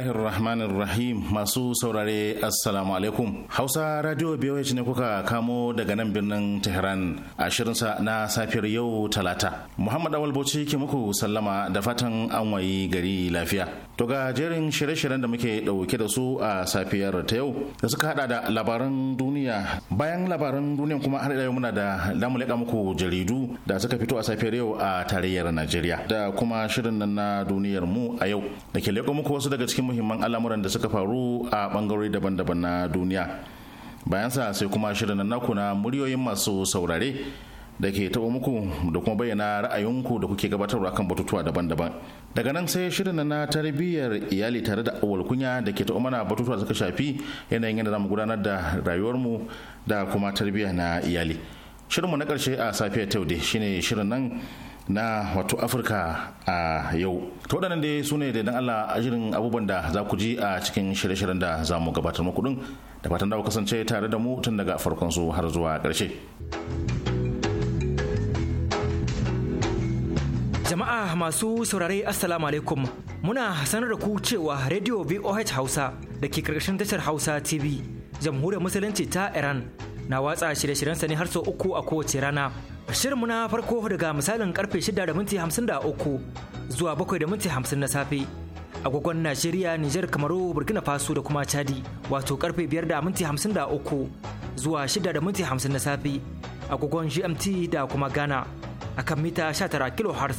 bismillahir rahmanir rahim masu saurare assalamu alaikum hausa radio biyawai ne kuka kamo daga nan birnin tehran a shirinsa na safiyar yau talata muhammad awal bauchi ke muku sallama da fatan an wayi gari lafiya to ga jerin shirye-shiryen da muke dauke da su a safiyar ta yau da suka hada da labaran duniya bayan labaran duniya kuma har yau muna da damu muku jaridu da suka fito a safiyar yau a tarayyar Najeriya da kuma shirin nan na duniyar mu a yau da ke leko muku wasu daga cikin muhimman al'amuran da suka faru a bangarori daban-daban na duniya. Bayan sa sai kuma shirin nan naku na muryoyin masu saurare da ke taɓa muku da kuma bayyana ra'ayinku da kuke gabatarwa kan batutuwa daban-daban daga nan sai shirin na tarbiyyar iyali tare da awal kunya da ke taɓa mana batutuwa suka shafi yanayin yadda za mu gudanar da rayuwarmu da kuma tarbiyya na iyali shirinmu na karshe a safiya ta yau shine shirin nan na wato afirka a yau to waɗannan dai su ne da dan allah shirin abubuwan da za ku ji a cikin shirye-shiryen da za mu gabatar muku din da fatan da kasance tare da mu tun daga farkon su har zuwa karshe. jama'a masu saurare assalamu alaikum muna sanar da ku cewa radio voh hausa da ke karkashin tashar hausa tv jamhuriyar musulunci ta iran na watsa shirye-shiryensa ne har sau uku a kowace rana. Shirinmu na farko daga misalin karfe 6:53 zuwa 7:50 na safe. Agogon Najeriya, Nijar, Kamaru, Burkina Faso da kuma Chadi wato karfe 5:53 zuwa 6:50 na safe. Agogon GMT da kuma Ghana akan mita 19 kHz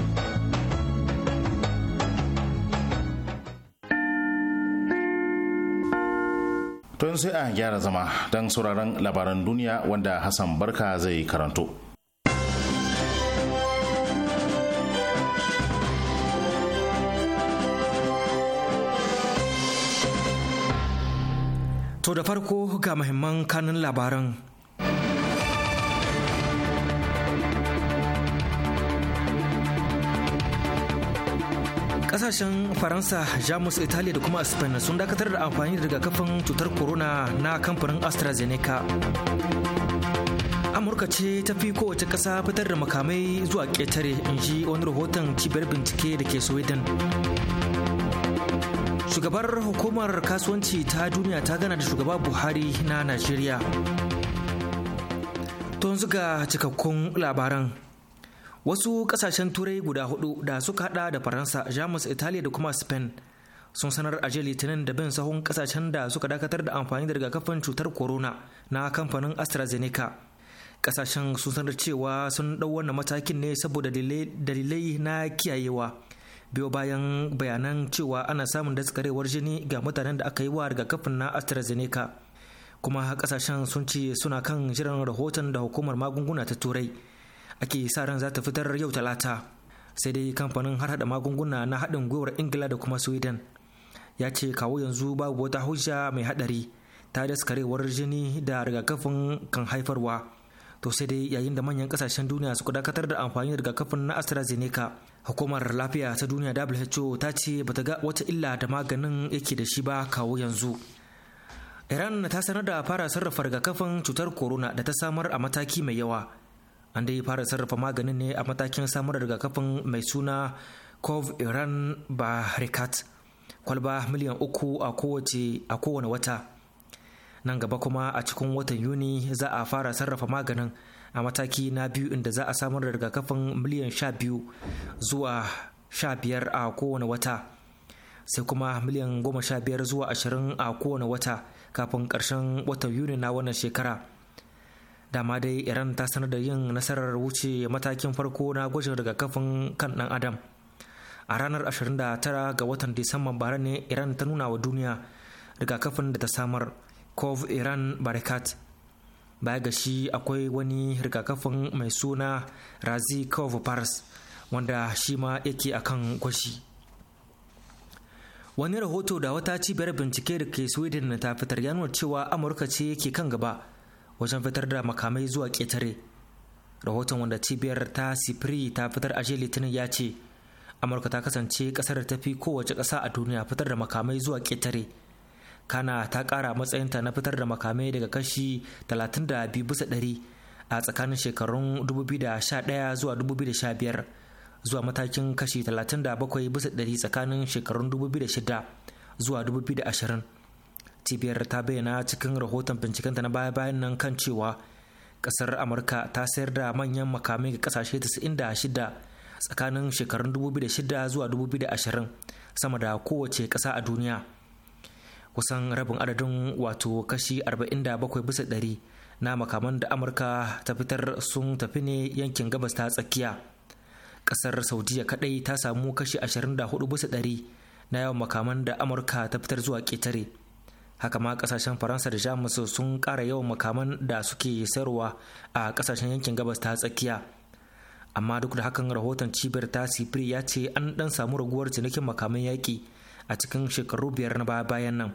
to yanzu sai a gyara zama don sauraron labaran duniya wanda hassan barka zai karanto to da farko ga muhimman kanun labaran kasashen faransa jamus italiya da kuma spain sun dakatar da amfani da rigakafin cutar corona na kamfanin astrazeneca amurka ce ta fi kowace ƙasa fitar da makamai zuwa ƙetare in ji wani rahoton cibiyar bincike da ke sweden shugabar hukumar kasuwanci ta duniya ta gana da shugaba buhari na najeriya to yanzu cikakkun labaran wasu kasashen turai guda hudu da suka hada da faransa jamus italiya da kuma spain sun sanar a jiya litinin da bin sahun kasashen da suka dakatar da amfani da rigakafin cutar corona na kamfanin astrazeneca kasashen sun sanar cewa sun dau wannan matakin ne saboda dalilai na kiyayewa biyo bayan bayanan cewa ana samun daskarewar jini ga mutanen da aka yi wa rigakafin na astrazeneca kuma kasashen sun ce suna kan jiran rahoton da hukumar magunguna ta turai ake sa ran za ta fitar yau talata sai dai kamfanin har hada magunguna na haɗin gwiwar ingila da kuma sweden ya ce kawo yanzu babu wata hujja mai haɗari ta daskarewar jini da rigakafin kan haifarwa to sai dai yayin da manyan kasashen duniya suka dakatar da amfani da rigakafin na astrazeneca hukumar lafiya ta duniya who ta ce bata ga wata illa da maganin yake da shi ba kawo yanzu iran ta sanar da fara sarrafa rigakafin cutar corona da ta samar a mataki mai yawa an dai fara sarrafa maganin ne a matakin samun rigakafin mai suna cov iran barikat kwalba miliyan uku a kowace a kowane wata nan gaba kuma a cikin watan yuni za a fara sarrafa maganin a mataki na biyu inda za a samar rigakafin miliyan sha biyu zuwa sha biyar a kowane wata sai kuma miliyan goma sha biyar zuwa ashirin a kowane wata kafin karshen watan yuni na wannan shekara dama dai iran ta sanar da yin nasarar wuce matakin farko na gwajin rigakafin kan dan adam a ranar 29 ga watan disamban bara ne iran ta nuna wa duniya rigakafin da ta samar cov iran barakat baya ga shi akwai wani rigakafin mai suna razi cov paris wanda shi ma yake akan kwashi. wani rahoto da wata cibiyar bincike da ke sweden ta fitar ya nuna cewa amurka ce yake kan gaba wajen fitar da makamai zuwa ƙetare rahoton wanda cibiyar ta sifiri ta fitar a litinin ya ce amurka ta kasance ƙasar da ta fi kowace ƙasa a duniya fitar da makamai zuwa ƙetare kana ta ƙara matsayinta na fitar da makamai daga kashi 32 bisa ɗari a tsakanin shekarun 2011 zuwa 2015 zuwa matakin kashi 37 bisa ɗari tsakanin shekarun 2006 zuwa 2020 cibiyar ta bayyana cikin rahoton bincikenta na baya-bayan nan kan cewa kasar amurka ta sayar da manyan makamai ga kasashe 96 tsakanin shekarun 2006 zuwa 2020 sama da kowace kasa a duniya kusan rabin adadin wato kashi 47 bisa ɗari na makaman da amurka ta fitar sun tafi ne yankin gabas ta tsakiya kasar saudiya kadai ta samu kashi 24 bisa ɗari na yawan makaman da amurka ta fitar zuwa ƙetare haka ma kasashen faransa da jamus sun kara yawan makaman da suke sayarwa a kasashen yankin gabas ta tsakiya amma duk da hakan rahoton cibiyar ta sifiri ya ce an dan samu raguwar cinikin makaman yaƙi a cikin shekaru biyar na bayan nan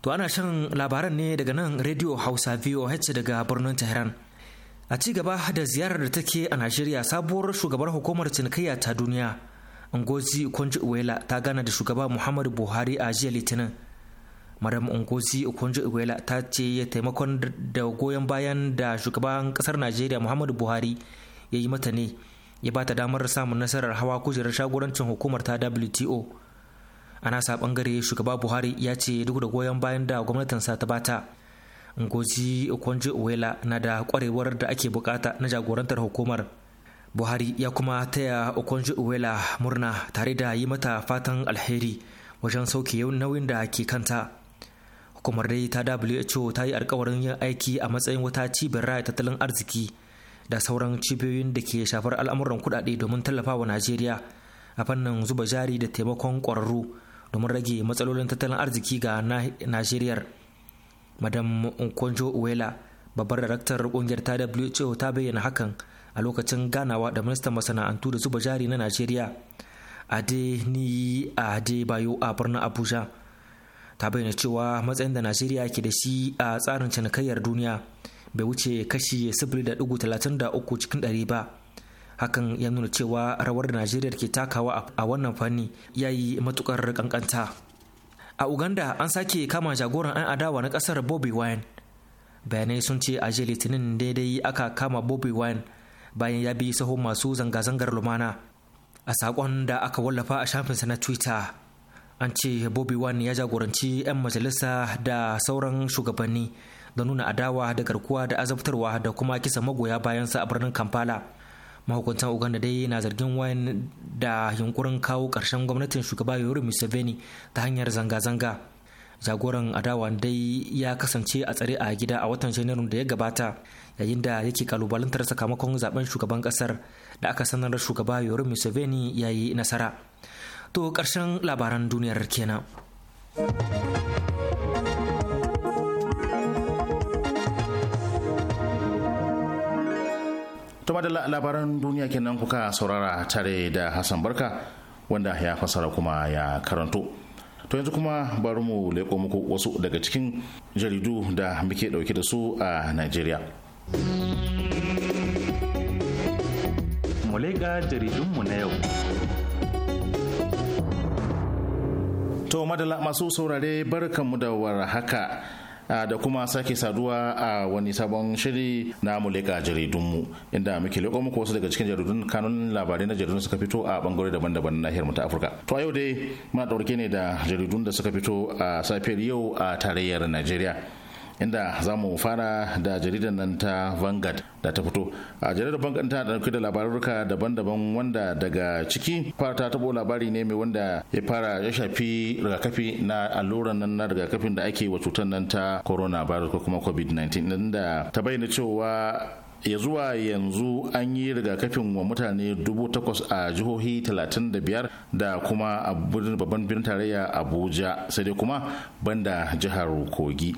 to ana shan labaran ne daga nan radio hausa voh daga birnin tehran a ci gaba da ziyarar da take a najeriya sabuwar shugabar hukumar cinikayya ta duniya ngozi konji uwela ta gana da shugaba muhammadu buhari a jiya litinin madam unkosi okonjo iguela ta ce taimakon da goyon bayan da shugaban kasar najeriya muhammadu buhari ya yi mata ne ya ba ta damar samun nasarar hawa kujerar shagorancin hukumar ta wto a nasa bangare shugaba buhari ya ce duk da goyon bayan da gwamnatinsa ta bata ngozi okonjo iweala na da kwarewar da ake bukata na jagorantar hukumar buhari ya kuma taya okonjo iweala murna tare da yi mata fatan alheri wajen sauke nauyin da ke kanta hukumar dai ta who ta yi alkawarin yin aiki a matsayin wata cibiyar raya tattalin arziki da sauran cibiyoyin da ke shafar al'amuran kudade domin tallafawa najeriya a fannin zuba jari da taimakon ƙwararru domin rage matsalolin tattalin arziki ga najeriya madam nkonjo uwela babbar daraktar kungiyar ta who ta bayyana hakan a lokacin ganawa da ministan masana'antu da zuba jari na najeriya Ade Bayo a birnin abuja ta bayyana cewa matsayin da najeriya ke da shi a tsarin cinikayyar duniya bai wuce kashi da da talatin uku cikin ɗari ba hakan ya nuna cewa rawar da najeriya ke takawa a wannan fanni ya yi matukar kankanta a uganda an sake kama jagoran an adawa na kasar bobby wine bayanai sun ce a jiya litinin daidai aka kama bobby wine bayan ya bi sahun masu zanga-zangar lumana a saƙon da aka wallafa a shafinsa na twitter an ce bobi wani ya jagoranci 'yan majalisa da sauran shugabanni da nuna adawa da garkuwa da azabtarwa da kuma kisa magoya bayansa a birnin kampala mahukuntan uganda dai na zargin wayan da yunkurin kawo ƙarshen gwamnatin shugaba yoweri museveni ta hanyar zanga-zanga jagoran adawa dai ya kasance a tsare a gida a watan janairun da ya gabata yayin da yake kalubalantar sakamakon zaben shugaban kasar da aka sanar shugaba yoweri museveni ya yi nasara to ƙarshen labaran duniyar kenan to madalla labaran duniya kenan kuka saurara tare da hassan barka wanda ya fasara kuma ya karanto to yanzu kuma bari mu leko muku wasu daga cikin jaridu da muke dauke da su a Najeriya. Mu leƙa jaridunmu na yau. to madala masu saurare barkanmu da war haka da kuma sake saduwa a wani sabon shiri na mulika jaridunmu inda muke leƙo muku wasu daga cikin jaridun kanun labarai na jaridun suka fito a bangare daban-daban na nahiyar ta afirka to a yau dai muna ɗauke ne da jaridun da suka fito a safiyar yau a tarayyar najeriya inda za mu fara da jaridar nan ta Vangard da ta fito. A jaridar vangard ta dauke da labarurka daban-daban wanda daga ciki fara ta tabo labari ne mai wanda ya fara ya shafi rigakafi na alluran nan na rigakafin da ake wa cutar nan ta coronavirus ko kuma covid-19 inda ta bayyana cewa ya zuwa yanzu an yi rigakafin wa mutane dubu takwas a jihohi talatin da kuma a babban birnin tarayya abuja sai dai kuma banda jihar kogi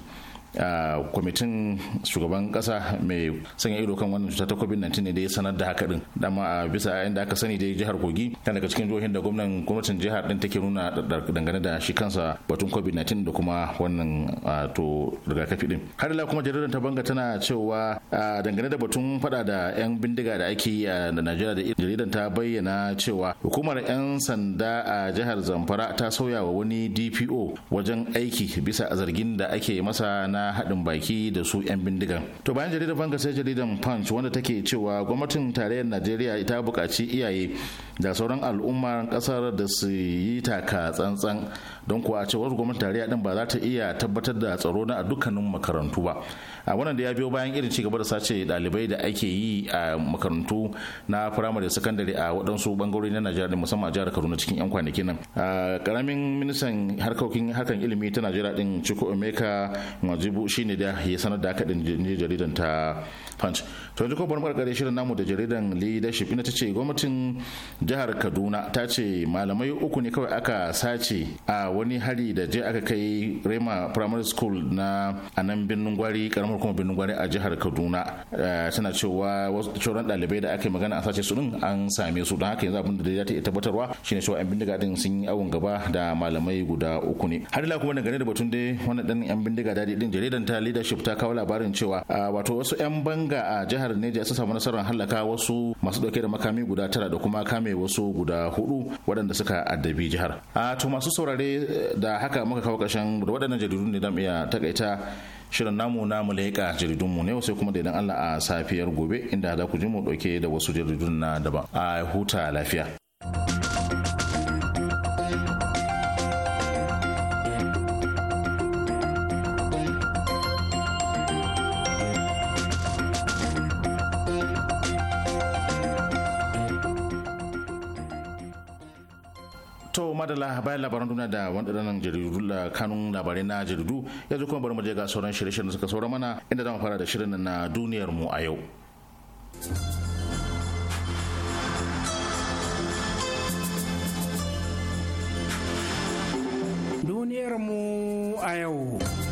kwamitin shugaban kasa mai sanya ido kan wannan cuta ta covid-19 ne da ya sanar da haka din dama a bisa inda aka sani dai jihar kogi tana daga cikin jihohin da gwamnan gwamnatin jihar din take nuna dangane da shi kansa batun covid-19 da kuma wannan to rigakafi din har ila kuma jaridar ta banga tana cewa dangane da batun fada da yan bindiga da ake yi a najeriya da jaridar ta bayyana cewa hukumar yan sanda a jihar zamfara ta sauya wa wani dpo wajen aiki bisa zargin da ake masa na na haɗin baki da su 'yan bindigan to bayan jaridar banga sai jaridar punch wanda take cewa gwamnatin tarayyar najeriya ta buƙaci iyaye da sauran al'umma ƙasar da su yi taka tsantsan don kuwa cewar gwamnatin tarayya din ba za ta iya tabbatar da tsaro na dukkanin makarantu ba a wannan da ya biyo bayan irin cigaba da sace dalibai da ake yi a makarantu na firamare da sakandare a waɗansu bangarori na najeriya musamman a jihar kaduna cikin yan kwanaki nan karamin ministan harkokin harkan ilimi ta najeriya din chukwu omeka majibu shine da ya sanar da haka din jaridan ta punch to yanzu ko bari karkare shirin namu da jaridan leadership ina tace gwamnatin jihar kaduna ta ce malamai uku ne kawai aka sace a wani hari da je aka kai rema primary school na anan birnin gwari karamar kuma birnin gwari a jihar kaduna eh, tana cewa wasu dalibai da aka yi magana a sace su din an same su don haka yanzu abin da ta iya tabbatarwa shine cewa yan bindiga din sun yi awon gaba da malamai guda uku ne har ila kuma dangane da batun dai wannan dan yan bindiga dadi din jaridan ta leadership ta kawo labarin cewa ah, wato wasu yan banga zanga a jihar Neja sun samu nasarar hallaka wasu masu dauke da makami guda tara da kuma kame wasu guda hudu waɗanda suka addabi jihar. A to masu saurare da haka muka kawo ƙarshen da waɗannan jaridu ne zamu iya takaita shirin namu na mu jaridun mu ne sai kuma da idan Allah a safiyar gobe inda za ku ji mu dauke da wasu jaridun na daban. A huta lafiya. to madala bayan labaran duniya da wadannan jaridu da kanun labarai na jaridu yanzu kuma bari mu je ga sauran shirye-shiryen da suka saura mana inda zamu fara da shirin na duniyar mu a yau duniyar mu a yau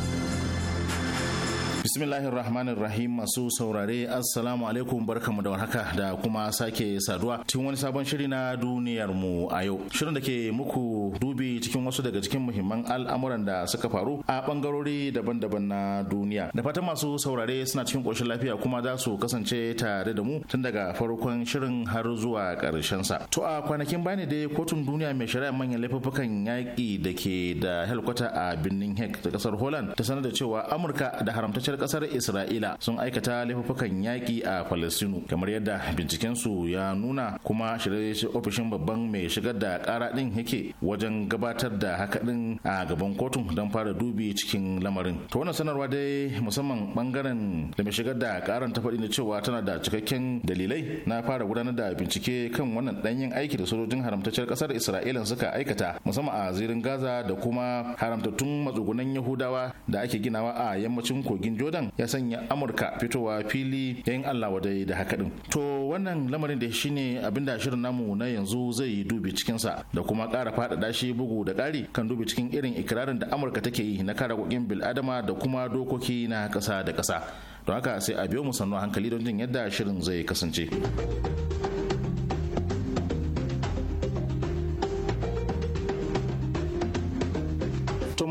Bismillahirrahmanirrahim Rahim masu saurare Assalamu alaikum barkamu da warhaka da kuma sake saduwa cikin wani sabon shiri na duniyar mu a yau. Shirin da ke muku dubi cikin wasu daga cikin muhimman al'amuran da suka faru a bangarori daban-daban na duniya. Da fatan masu saurare suna cikin koshin lafiya kuma za su kasance tare da mu tun daga farkon shirin har zuwa karshen sa. To a kwanakin bani dai kotun duniya mai shari'a manyan laifukan yaƙi da ke da helkwata a birnin Hague da kasar Holland ta sanar da cewa Amurka da haramtacciyar kasar isra'ila sun aikata laifukan yaƙi a falastinu kamar yadda binciken su ya nuna kuma shirye ofishin babban mai shigar da ƙara din yake wajen gabatar da haka din a gaban kotun don fara dubi cikin lamarin to wannan sanarwa dai musamman bangaren da mai shigar da ƙaran ta faɗi cewa tana da cikakken dalilai na fara gudanar da bincike kan wannan ɗanyen aiki da sojojin haramtacciyar kasar isra'ila suka aikata musamman a zirin gaza da kuma haramtattun matsugunan yahudawa da ake ginawa a yammacin kogin jordan sudan ya sanya amurka fitowa fili yayin allah wadai da haka din to wannan lamarin da shine abinda shirin namu na yanzu zai yi dubi cikinsa da kuma kara faɗaɗa shi bugu da ƙari kan dubi cikin irin ikirarin da amurka take yi na kare kokin bil'adama da kuma dokoki na ƙasa da ƙasa don haka sai a biyo mu sannu hankali don jin yadda shirin zai kasance.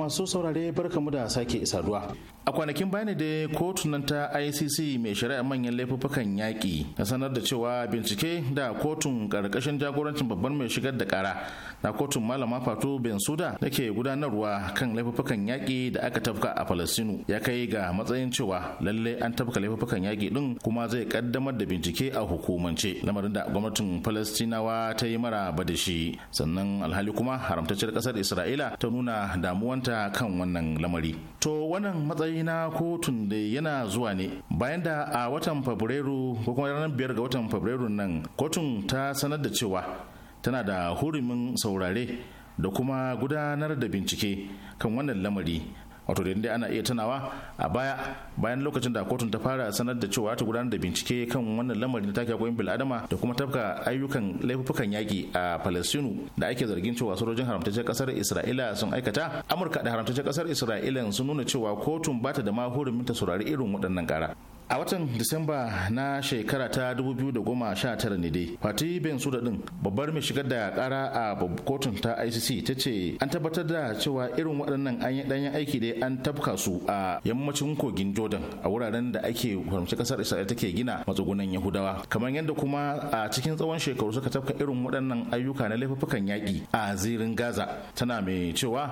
masu saurare barkamu da sake saduwa. A kwanakin bayani da kotunan ta ICC mai shari'a manyan laifukan yaƙi na sanar da cewa bincike da kotun ƙarƙashin jagorancin babban mai shigar da ƙara na kotun malama Fatu Bensuda da ke gudanarwa kan laifukan yaƙi da aka tafka a Falastinu ya kai ga matsayin cewa lalle an tafka laifukan yaƙi ɗin kuma zai ƙaddamar da bincike a hukumance lamarin da gwamnatin Falastinawa ta yi mara ba da shi sannan alhali kuma haramtacciyar ƙasar Isra'ila ta nuna damuwanta da kan wannan lamari to wannan matsayi na kotun da yana zuwa ne bayan da a watan fabrairu ko kuma ranar biyar ga watan fabrairu nan kotun ta sanar da cewa tana da hurumin saurare da kuma gudanar da bincike kan wannan lamari wato da dai ana iya tunawa a baya bayan lokacin da kotun ta fara sanar da cewa ta gudanar da bincike kan wannan lamarin take hakokin bil'adama da kuma tafka ayyukan laifukan yaki a palestinu da ake zargin cewa sojojin haramtacce kasar isra'ila sun aikata amurka da haramtacce kasar isra'ila sun nuna cewa kotun bata da ma minta ta saurari irin waɗannan ƙara a watan disamba na shekara ta 2019 ne dai fati ben suda din babbar mai shigar da kara a kotun ta icc ta ce an tabbatar da cewa irin waɗannan an ɗanyen aiki dai an tabka su a yammacin kogin jordan a wuraren da ake kwamce kasar isra'ila take gina matsugunan yahudawa kamar yadda kuma a cikin tsawon shekaru suka tabka irin waɗannan ayyuka na laifukan yaƙi a zirin gaza tana mai cewa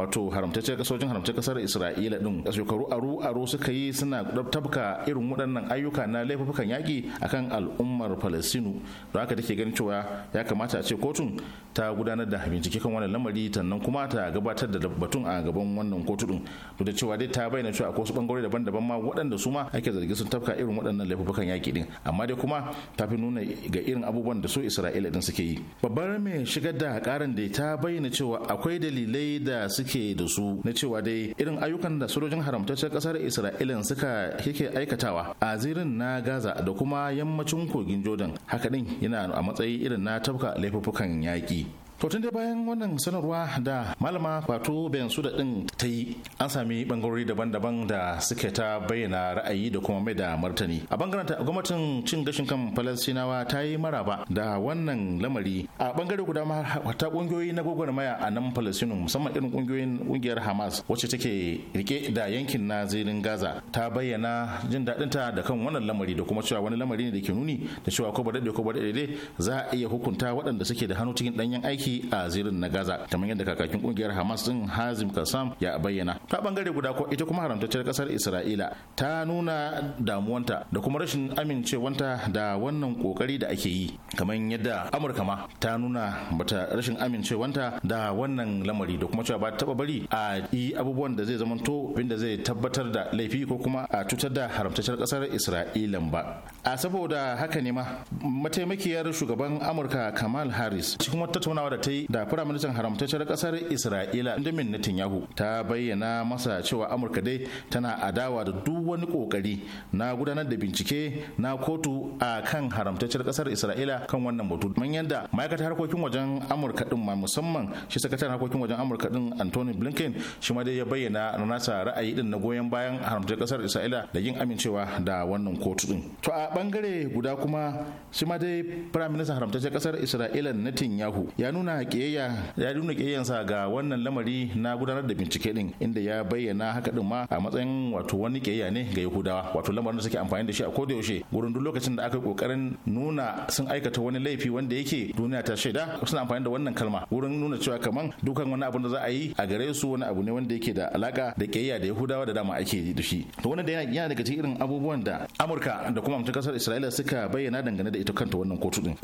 wato haramtaccen kasojin haramtaccen kasar isra'ila din shekaru aru Aru suka yi suna tabka irin waɗannan ayyuka na laifukan yaƙi akan al'ummar palestinu da haka take ganin cewa ya kamata a ce kotun ta gudanar da bincike kan wannan lamari sannan kuma ta gabatar da batun a gaban wannan kotu din duk da cewa dai ta bayyana cewa akwai wasu bangarori daban-daban ma waɗanda su ma ake zargi sun tafka irin waɗannan laifukan yaƙi din amma dai kuma ta fi nuna ga irin abubuwan da su isra'ila din suke yi babbar mai shigar da karan da ta bayyana cewa akwai dalilai da suke yake da su na cewa dai irin ayyukan da sojojin haramtaccen kasar isra'ila suka yake aikatawa a zirin na gaza da kuma yammacin kogin jordan haka din yana a matsayi irin na tafka laifuffukan yaƙi to tun dai bayan wannan sanarwa da malama fatu bayan su da din ta yi an sami bangarori daban-daban da suke ta bayyana ra'ayi da kuma mai da martani a bangaren ta gwamnatin cin gashin kan falastinawa ta yi maraba da wannan lamari a bangare guda ma ta kungiyoyi na maya a nan falastinu musamman irin kungiyoyin kungiyar hamas wacce take rike da yankin na zirin gaza ta bayyana jin ta da kan wannan lamari da kuma cewa wani lamari ne da ke nuni da cewa ko ba daɗe ko ba daɗe za a iya hukunta waɗanda suke da hannu cikin ɗanyen aiki ciki a zirin na Gaza kamar yadda kakakin kungiyar Hamas din Hazim Kassam ya bayyana. Ta bangare guda ko ita kuma haramtacciyar kasar Isra'ila ta nuna damuwanta da kuma rashin amincewanta da wannan kokari da ake yi kamar yadda Amurka ma ta nuna bata rashin amincewanta da wannan lamari da kuma cewa ba taba bari a yi abubuwan da zai zamanto abinda zai tabbatar da laifi ko kuma a cutar da haramtacciyar kasar Isra'ila ba. A saboda haka ne ma mataimakiyar shugaban Amurka Kamal Harris cikin wata tattaunawa da ta yi da firaministan haramtacciyar kasar isra'ila benjamin netanyahu ta bayyana masa cewa amurka dai tana adawa da duk wani kokari na gudanar da bincike na kotu a kan haramtacciyar kasar isra'ila kan wannan batu man yadda ma'aikatar harkokin wajen amurka din ma musamman shi sakataren harkokin wajen amurka din anthony blinken shi ma dai ya bayyana nasa ra'ayi din na goyon bayan haramtacciyar kasar isra'ila da yin amincewa da wannan kotu din to a bangare guda kuma shi ma dai firaministan haramtacciyar kasar isra'ila netanyahu ya nuna nuna kiyayya ya nuna kiyayyansa ga wannan lamari na gudanar da bincike din inda ya bayyana haka din ma a matsayin wato wani kiyayya ne ga Yahudawa wato lamarin da suke amfani da shi a koda yaushe gurin duk lokacin da aka yi kokarin nuna sun aikata wani laifi wanda yake duniya ta shaida suna amfani da wannan kalma gurin nuna cewa kaman dukan wani abin da za a yi a gare su wani abu ne wanda yake da alaka da kiyayya da Yahudawa da dama ake da shi to wannan da yana daga cikin irin abubuwan da Amurka da kuma mutum kasar Isra'ila suka bayyana dangane da ita kanta wannan kotu din.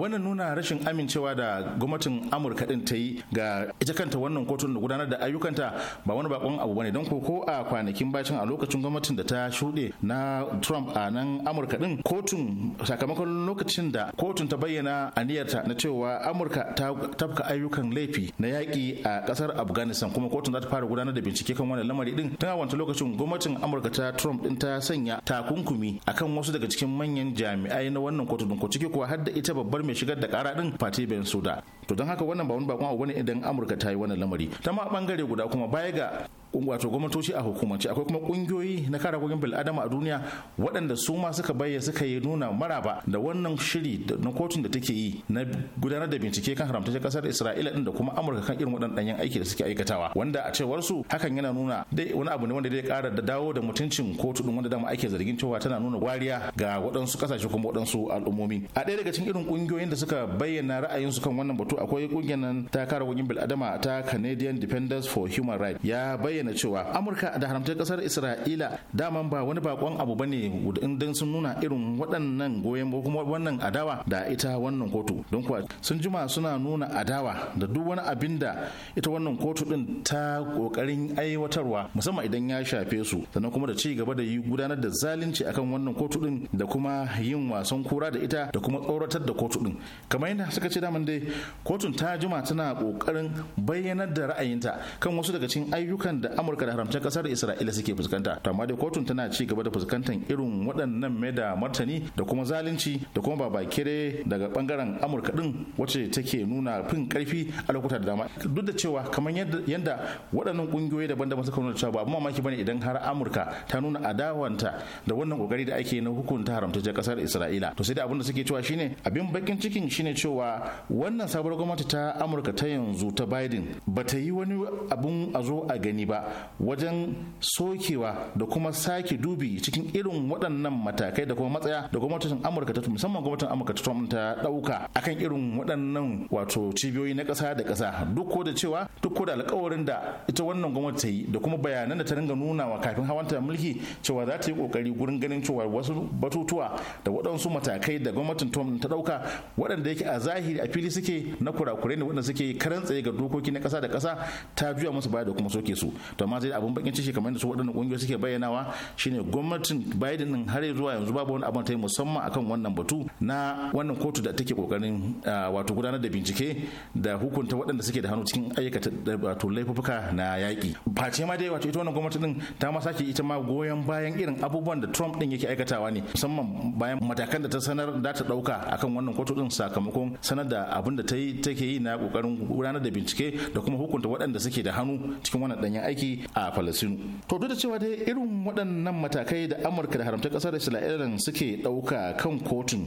wannan nuna rashin amincewa da gwamnatin amurka din ta yi ga ita kanta wannan kotun da gudanar da ayyukanta ba wani bakon abu bane don ko a kwanakin bacin a lokacin gwamnatin da ta shuɗe na trump a nan amurka din kotun sakamakon lokacin da kotun ta bayyana aniyarta na cewa amurka ta tafka ayyukan laifi na yaƙi a ƙasar afghanistan kuma kotun za ta fara gudanar da bincike kan wannan lamari din tana wancan lokacin gwamnatin amurka ta trump din ta sanya takunkumi akan wasu daga cikin manyan jami'ai na wannan kotun ko ciki kuwa har da ita babbar mai shigar da kara din Fati suda to don haka wannan ba wani bakon abu ne idan amurka ta yi wannan lamari ta ma bangare guda kuma baya ga wato gwamnatoci a hukumance akwai kuma kungiyoyi na kare kogin bil'adama a duniya waɗanda su ma suka bayyana suka yi nuna maraba da wannan shiri na kotun da take yi na gudanar da bincike kan haramtaccen kasar isra'ila din da kuma amurka kan irin waɗannan ɗanyen aiki da suke aikatawa wanda a cewar su hakan yana nuna dai wani abu ne wanda zai ƙara da dawo da mutuncin kotu din wanda dama ake zargin cewa tana nuna wariya ga waɗansu ƙasashe kuma waɗansu al'ummomi a ɗaya daga cikin irin kungiyoyin da suka bayyana ra'ayinsu kan wannan batu akwai kungiyar nan ta kare kungiyar bil'adama ta Canadian Defenders for Human Rights ya bayyana cewa Amurka da haramtar kasar Isra'ila daman ba wani bakon abu bane idan sun nuna irin waɗannan goyon ko kuma wannan adawa da ita wannan kotu don kuwa sun jima suna nuna adawa da duk wani abin da ita wannan kotu din ta kokarin aiwatarwa musamman idan ya shafe su sannan kuma da ci gaba da yi gudanar da zalunci akan wannan kotu din da kuma yin wasan kura da ita da kuma tsoratar da kotu din kamar yadda suka ce daman dai kotun ta jima tana kokarin bayyanar da ra'ayinta kan wasu daga cikin ayyukan da amurka da haramcin kasar isra'ila suke fuskanta to amma dai kotun tana ci gaba da fuskantar irin waɗannan mai da martani da kuma zalunci da kuma babakire daga bangaren amurka din wacce take nuna fin karfi a lokuta da dama duk da cewa kamar yadda waɗannan ƙungiyoyi daban-daban suka nuna cewa ba abu mamaki bane idan har amurka ta nuna adawanta da wannan kokari da ake na hukunta haramtaccen kasar isra'ila to sai da abin da suke cewa shine abin bakin cikin shine cewa wannan sabuwar gwamnati ta amurka ta yanzu ta biden ba ta yi wani abun a zo a gani ba wajen sokewa da kuma sake dubi cikin irin waɗannan matakai da kuma matsaya da gwamnatin amurka ta musamman gwamnatin amurka ta trump ta ɗauka akan irin waɗannan wato cibiyoyi na ƙasa da ƙasa duk ko da cewa duk ko da alƙawarin da ita wannan gwamnati ta yi da kuma bayanan da ta ringa nunawa kafin hawanta mulki cewa za ta yi ƙoƙari gurin ganin cewa wasu batutuwa da waɗansu matakai da gwamnatin trump ta ɗauka waɗanda yake a zahiri a fili suke na kurakurai ne wanda suke karan tsaye ga dokoki na kasa da kasa ta juya musu baya da kuma soke su to amma sai abun bakin ciki kamar yadda su waɗannan ƙungiyoyi suke bayyanawa shine gwamnatin Biden din har zuwa yanzu babu wani abin ta yi musamman akan wannan batu na wannan kotu da take kokarin wato gudanar da bincike da hukunta waɗanda suke da hannu cikin aikata wato laifuka na yaƙi face ma dai wato ita wannan gwamnati din ta ma sake ita ma goyon bayan irin abubuwan da Trump din yake aikatawa ne musamman bayan matakan da ta sanar da ta ɗauka akan wannan kotu din sakamakon sanar da abin da ta yi take yi na kokarin gudanar da bincike da kuma hukunta waɗanda suke da hannu cikin wannan danyen aiki a Falasinu. To duk da cewa dai irin waɗannan matakai da Amurka da haramta ƙasar Isra'ila suke ɗauka kan kotun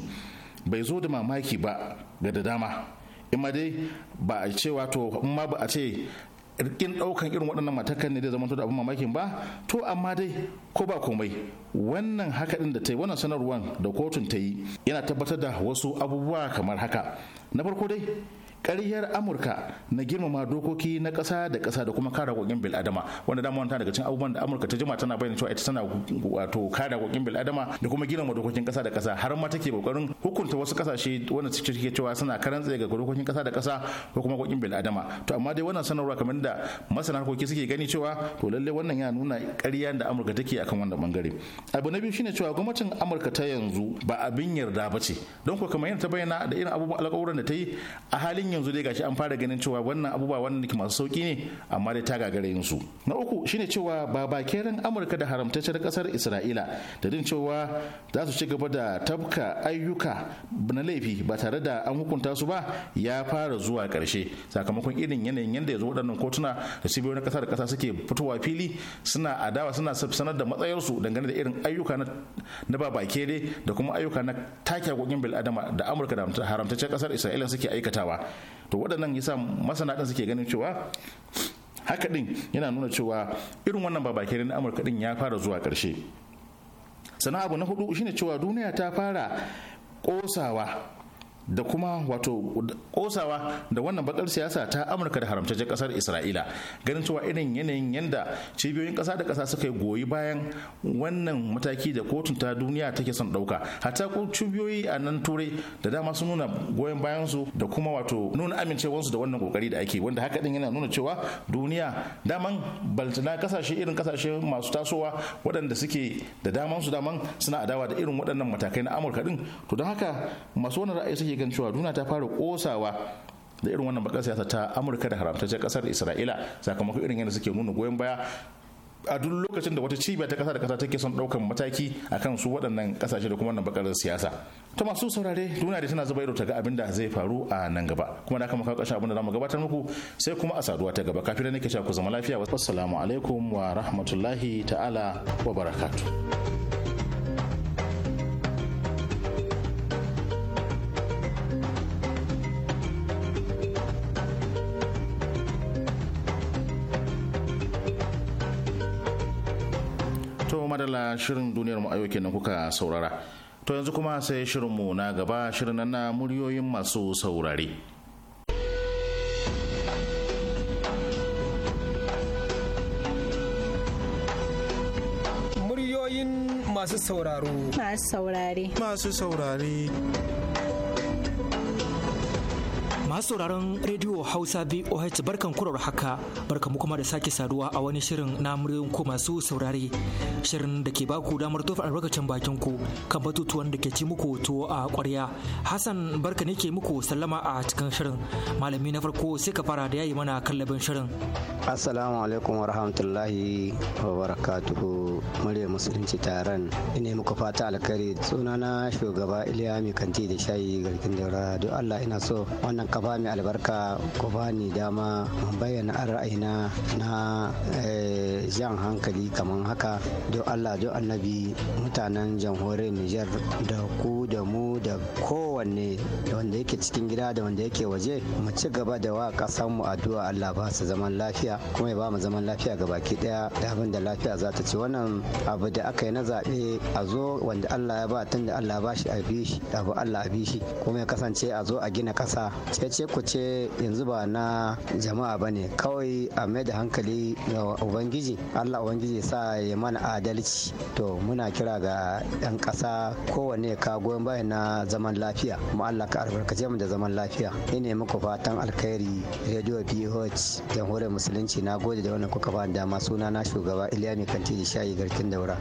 bai zo da mamaki ba ga da dama. Ima dai ba a ce wato in ma ba a ce irkin daukan irin waɗannan matakan ne da zama da abin mamakin ba to amma dai ko ba komai wannan haka din da ta yi wannan sanarwar da kotun ta yi yana tabbatar da wasu abubuwa kamar haka na farko dai karyar amurka na girmama dokoki na ƙasa da ƙasa da kuma kare bil adama wanda dama wanta daga cikin abubuwan da amurka ta jima tana bayyana cewa ita tana wato kare bil adama da kuma girmama dokokin ƙasa da ƙasa har ma take kokarin hukunta wasu ƙasashe wanda suke cewa suna karan tsaye ga dokokin ƙasa da ƙasa ko kuma bil adama to amma dai wannan sanarwa kamar da masana harkoki suke gani cewa to lalle wannan ya nuna ƙarya da amurka take akan wannan bangare abu na biyu shine cewa gwamnatin amurka ta yanzu ba abin yarda ba ce don ko kamar yadda ta bayyana da irin abubuwan alƙawuran da ta yi a halin yanzu dai gashi an fara ganin cewa wannan abubuwa wannan ke masu sauki ne amma dai ta gagara yin su na uku shine cewa ba bakerin amurka da haramtaccen kasar isra'ila da din cewa za su ci gaba da tabka ayyuka na laifi ba tare da an hukunta su ba ya fara zuwa karshe sakamakon irin yanayin yanda yanzu waɗannan kotuna da cibiyoyin kasa da kasa suke fitowa fili suna adawa suna sanar da matsayarsu dangane da irin ayyuka na ba bakere da kuma ayyuka na take hakokin bil'adama da amurka da haramtaccen kasar isra'ila suke aikatawa to waɗannan yasa masana ɗin suke ganin cewa haka ɗin yana nuna cewa irin wannan babakirin na amurka ɗin ya fara zuwa ƙarshe sannan abu na hudu shine cewa duniya ta fara ƙosawa da kuma wato kosawa da wannan bakar siyasa ta amurka da haramtaccen kasar isra'ila ganin cewa irin yanayin yadda cibiyoyin kasa da kasa suka yi goyi bayan wannan mataki da kotun ta duniya take son dauka hatta cibiyoyi a nan turai da dama sun nuna goyon bayan su da kuma wato nuna amincewarsu da wannan kokari da ake wanda haka din yana nuna cewa duniya daman baltana kasashe irin kasashe masu tasowa waɗanda suke da daman su daman suna adawa da irin waɗannan matakai na amurka din to don haka masu wannan ra'ayi suke iya gan cewa duna ta fara kosawa da irin wannan bakar siyasa ta amurka da haramtaccen kasar isra'ila sakamakon irin yadda suke nuna goyon baya a duk lokacin da wata cibiya ta kasa da kasa take son daukan mataki a kan su waɗannan kasashe da kuma wannan bakar siyasa ta masu saurare duniya da tana zuba ido ta ga abin da zai faru a nan gaba kuma na kama kawo abin da zamu gabatar muku sai kuma a saduwa ta gaba kafin nake cewa ku zama lafiya wassalamu alaikum wa rahmatullahi ta'ala wa barakatu. shirin duniyar mu ayo kenan kuka saurara to yanzu kuma sai shirin mu na gaba shirin na muryoyin masu saurare muryoyin masu sauraro masu saurare masu saurare Masu sauraron Radio Hausa VOH barkan kurar haka Barka mu kuma da sake saduwa a wani shirin na muryoyin ku masu saurare shirin da ke baku damar tofa albarkacin bakin ku kan batutuwan da ke ci muku tuwo a ƙwarya. Hassan barka ne ke muku sallama a cikin shirin malami na farko sai ka fara da yayi mana kallabin shirin. Assalamu alaikum wa rahmatullahi wa barakatuhu murya musulunci taron ina muku fata alkhairi sunana shugaba Iliya Kanti da shayi garkin daura don Allah ina so wannan ba mai albarka ku bani dama bayyana ra'ayina na eh, jan hankali kamar haka don allah don annabi mutanen jamhuriyar niger da ku yake cikin gida da wanda yake waje mu ci gaba da wa ƙasar mu addu'a Allah ba su zaman lafiya kuma ya ba mu zaman lafiya ga baki daya da abin da lafiya za ta ci wannan abu da aka yi na zabe a zo wanda Allah ya ba tun da Allah ba shi a bi shi abu Allah a bi shi kuma ya kasance a zo a gina ƙasa ce ku ce yanzu ba na jama'a bane kawai a mai da hankali ga ubangiji Allah ubangiji sa ya mana adalci to muna kira ga 'yan kasa kowanne ka goyon bayan na zaman lafiya mu Allah ka albarka ka je mu da zaman lafiya ni ne muku fatan alkhairi radio bh jamhuriyar musulunci na gode da wannan kuka ba dama suna na shugaba iliya mai kanti da shayi garkin daura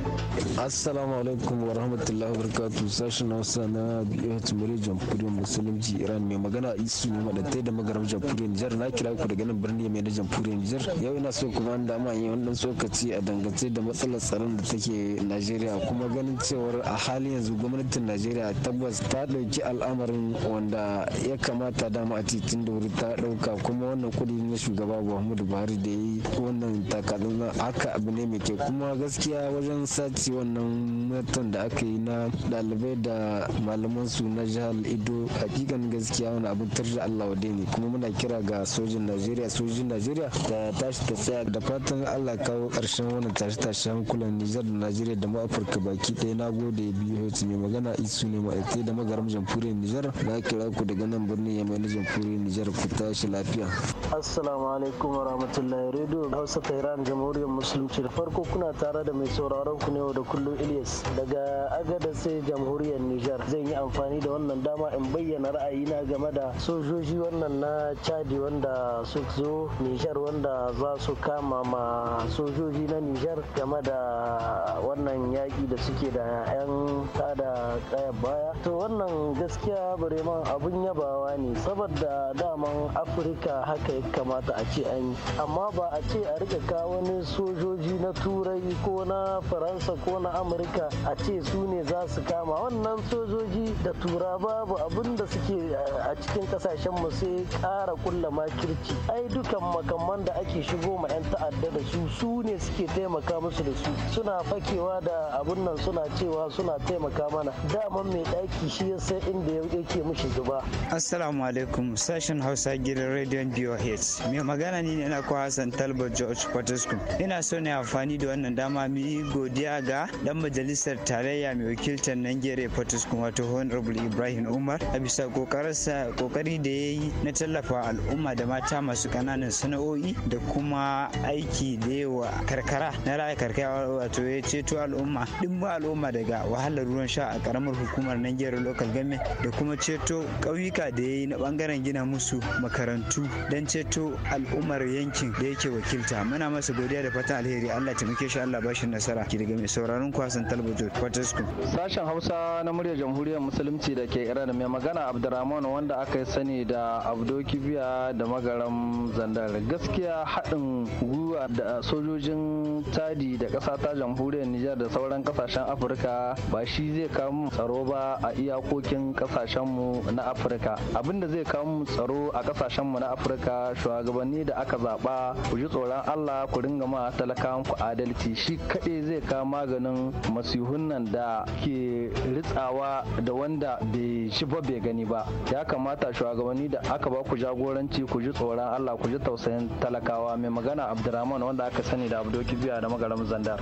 assalamu alaikum wa rahmatullahi wa sashen hausa na bh murya jamhuriyar musulunci iran mai magana isu madatai da magaram jamhuriyar nijar na kira ku daga nan birni mai na jamhuriyar nijar yau ina so kuma da dama yi wannan tsokaci a dangance da matsalar tsaron da take najeriya kuma ganin cewar a hali yanzu gwamnatin najeriya tabbas ta dauki al'amarin wanda da ya kamata dama a titin da wuri ta dauka kuma wannan kudi na shugaba muhammadu buhari da ya yi wannan takardun haka abu ne mai kyau kuma gaskiya wajen sace wannan matan da aka yi na ɗalibai da malaman su na jihar ido hakikan gaskiya wani abin da allah wade ne kuma muna kira ga sojin najeriya sojin najeriya da tashi ta tsaya da fatan allah kawo karshen wannan tashi tashi hankulan nijar da najeriya da ma afirka baki ɗaya na gode biyu mai magana isu ne ma'aikatai da magaram jamhuriyar nijar da kira ku daga nan birnin yamai na jamhuriyar Nijar ku tashi lafiya. Assalamu alaikum warahmatullahi radio Hausa ta Iran jamhuriyar musulunci da farko kuna tare da mai sauraron ku ne da kullum Ilyas daga agada sai jamhuriyar Nijar zan yi amfani da wannan dama in bayyana ra'ayi na game da sojoji wannan na Chadi wanda su zo Nijar wanda za su kama ma sojoji na Nijar game da wannan yaki da suke da 'yan tada kaya baya to wannan gaskiya bare man abun yabawa ne saboda daman afirka haka ya kamata a ce an yi amma ba a ce a rika kawo wani sojoji na turai ko na faransa ko na amurka a ce su ne za su kama wannan sojoji da tura babu abin da suke a cikin kasashen mu sai kara kulla makirci ai dukan makamman da ake shigo ma 'yan ta'adda da su su ne suke taimaka musu da su suna fakewa da abun nan suna cewa suna taimaka mana daman mai ɗaki shi ya sai inda yake mushi ba. Assalamu alaikum sashen Hausa gidan rediyon BOH. Mai magana ni ne na kwa Hassan Talba George Fortescue. Ina so ne amfani da wannan dama mu yi godiya ga dan majalisar tarayya mai wakiltar Nangere Fortescue wato Honorable Ibrahim Umar a bisa kokarinsa kokari da ya yi na tallafa al'umma da mata masu kananan sana'o'i da kuma aiki da yawa karkara na raya karkara wato ya ceto al'umma dimba al'umma daga wahalar ruwan sha a karamar hukumar Nangere Local Government da kuma ceto ƙauyuka da ya yi na bangaren gina musu makarantu don ceto al'ummar yankin da yake wakilta muna masa godiya da fatan alheri allah taimake shi allah bashi nasara ki daga mai sauraron kwasan talabijin fortescue sashen hausa na muryar jamhuriyar musulunci da ke iran mai magana abdurrahman wanda aka yi sani da abdo kibiya da magaran zandar gaskiya haɗin gwiwa da sojojin tadi da ƙasa ta jamhuriyar nijar da sauran kasashen afirka ba shi zai kawo tsaro ba a iyakokin ƙasashenmu na na afirka abinda zai kawo mu tsaro a kasashen mu na afirka shugabanni da aka zaba ku ji tsoron allah ku ringa ma talakawan ku adalci shi kaɗai zai kawo maganin masihun nan da ke ritsawa da wanda bai shi ba bai gani ba ya kamata shugabanni da aka ba ku jagoranci ku ji tsoron allah ku ji tausayin talakawa mai magana abdurrahman wanda aka sani da abdoki biya da magaram zandar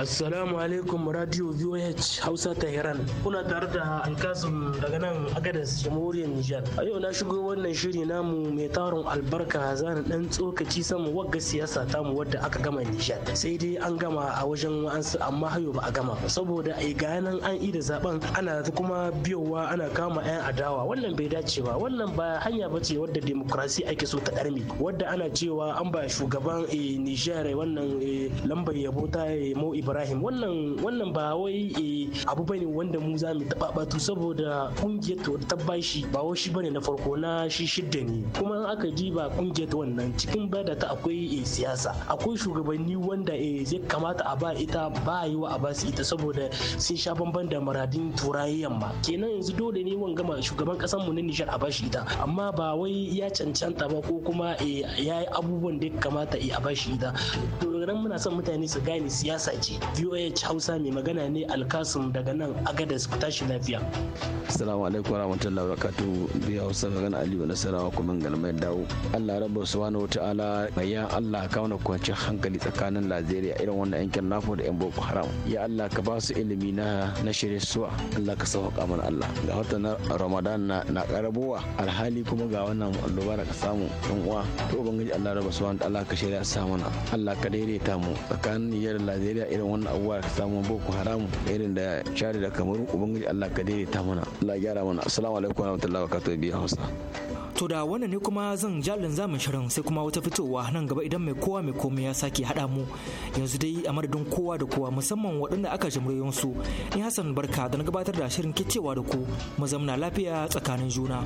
Assalamu alaikum Radio VOH Hausa Tehran. Kuna tare da Alkasum daga nan Agadas Jamhuriyar Nijar. A yau na shigo wannan shiri namu mai tarun albarka zan dan tsokaci sama wagga siyasa tamu wadda aka gama Nijar. Sai dai an gama a wajen wa'ansu amma hayo ba a gama Saboda a nan an yi da zaben ana kuma biyowa ana kama 'yan adawa wannan bai dace ba wannan ba hanya ba ce wadda demokrasi ake so ta karmi wadda ana cewa an ba shugaban eh, Nijar wannan eh, lambar yabo ta eh, Mo ibrahim wannan wannan ba wai eh, abu bane wanda mu za mu taɓaɓatu saboda ƙungiyar ta ta bashi ba wai shi bane na farko na shi shidda ne kuma aka diba kungiyar wannan cikin bada ta akwai eh, siyasa akwai shugabanni wanda zai eh, kamata a ba ita ba yi wa a ba su ita saboda sun sha bamban da maradin turayen yamma kenan yanzu dole ne wanga ma shugaban kasar mu na nijar a bashi ita amma ba wai ya cancanta ba ko kuma ya yi abubuwan da ya kamata a bashi ita to muna son mutane su gane siyasa ce VOH Hausa mai magana ne alkasun daga nan Agadez ku tashi lafiya. Salamu alaikum warahmatullahi wabarakatuh. Bi Hausa magana Aliyu sarawa kuma galmai dawo. Allah rabu subhanahu wataala bayan Allah ka wani kwanci hankali tsakanin Najeriya irin wannan yankin nafo da yan Boko Haram. Ya Allah ka ba su ilimi na na shirye suwa. Allah ka sauka mana Allah. Ga watan Ramadan na na karabuwa alhali kuma ga wannan dubara ka samu dan uwa. To ubangiji Allah rabu subhanahu wataala ka shirya sa mana. Allah ka daidaita mu tsakanin Nijar Najeriya irin wannan abubuwa ka samu boko haramu irin da share da kamar ubangiji Allah ka daidaita mana Allah ya gyara mana assalamu alaikum warahmatullahi wabarakatuh biya Hausa to da wannan ne kuma zan jalin zamin shirin sai kuma wata fitowa nan gaba idan mai kowa mai komai ya sake haɗa mu yanzu dai a madadin kowa da kowa musamman waɗanda aka jimriyon su ni Hassan Barka da na gabatar da shirin kicewa da ku mu zamna lafiya tsakanin juna.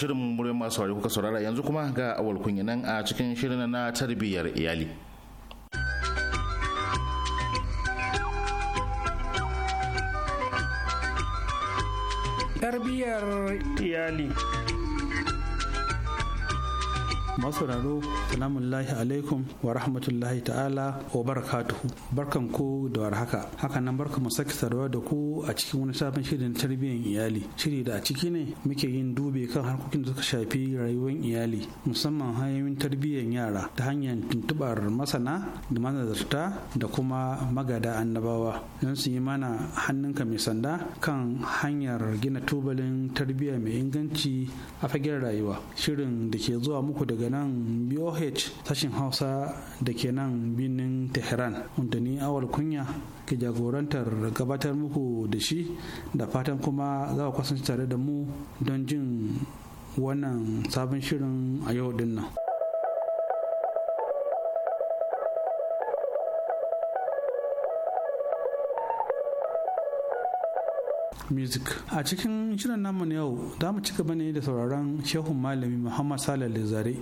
shirin murin masu saurari kuka saurara yanzu kuma ga awal kunya nan a cikin shirin na tarbiyyar iyali. Tarbiyyar iyali. masu raro salamun lahi alaikum wa rahmatullahi ta'ala wa barakatuhu barkan ku da warhaka haka nan barka mu saki saduwa da ku a cikin wani sabon shirin tarbiyyar iyali shiri da a ciki ne muke yin dube kan harkokin da suka shafi rayuwar iyali musamman hanyoyin tarbiyyar yara ta hanyar tuntubar masana da manazarta da kuma magada annabawa don su yi mana hannunka mai sanda kan hanyar gina tubalin tarbiyya mai inganci a fagen rayuwa shirin da ke zuwa muku daga nan boh sashin hausa da ke nan birnin tehran wanda ni awal kunya ke jagorantar gabatar muku da shi da fatan kuma za ku kwasance tare da mu don jin wannan sabon shirin a yau din music a cikin shirin namu na yau za mu ci gaba ne da sauraron shehun malami muhammad salal zare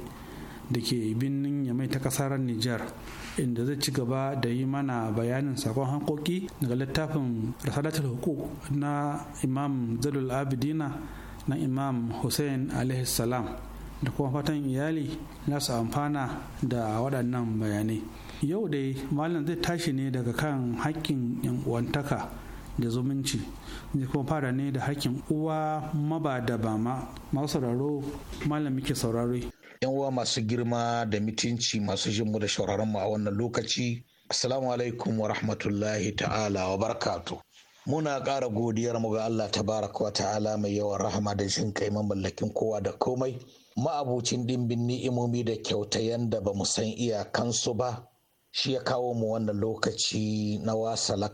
da ke birnin yamai ta kasar niger inda zai ci gaba da yi mana bayanin sakon hankoki daga littafin rasalatul hukuk na imam zalul abidina na imam hussein alaihi salam da kuma fatan iyali na su amfana da waɗannan bayanai yau dai malam zai tashi ne daga kan haƙƙin 'yan uwantaka da zumunci zai kuma fara ne da hakkin uwa maba ba ma masu sauraro malam muke saurare yan uwa masu girma da mutunci masu jin mu da shauraron mu a wannan lokaci assalamu alaikum wa rahmatullahi ta'ala wa barakatu muna ƙara godiyar mu ga Allah tabaraka wa ta'ala mai yawan rahama da jin kai mamallakin kowa da komai ma'abucin dimbin ni'imomi da kyautayen da ba mu san iyakansu ba shi ya kawo mu wannan lokaci na wasala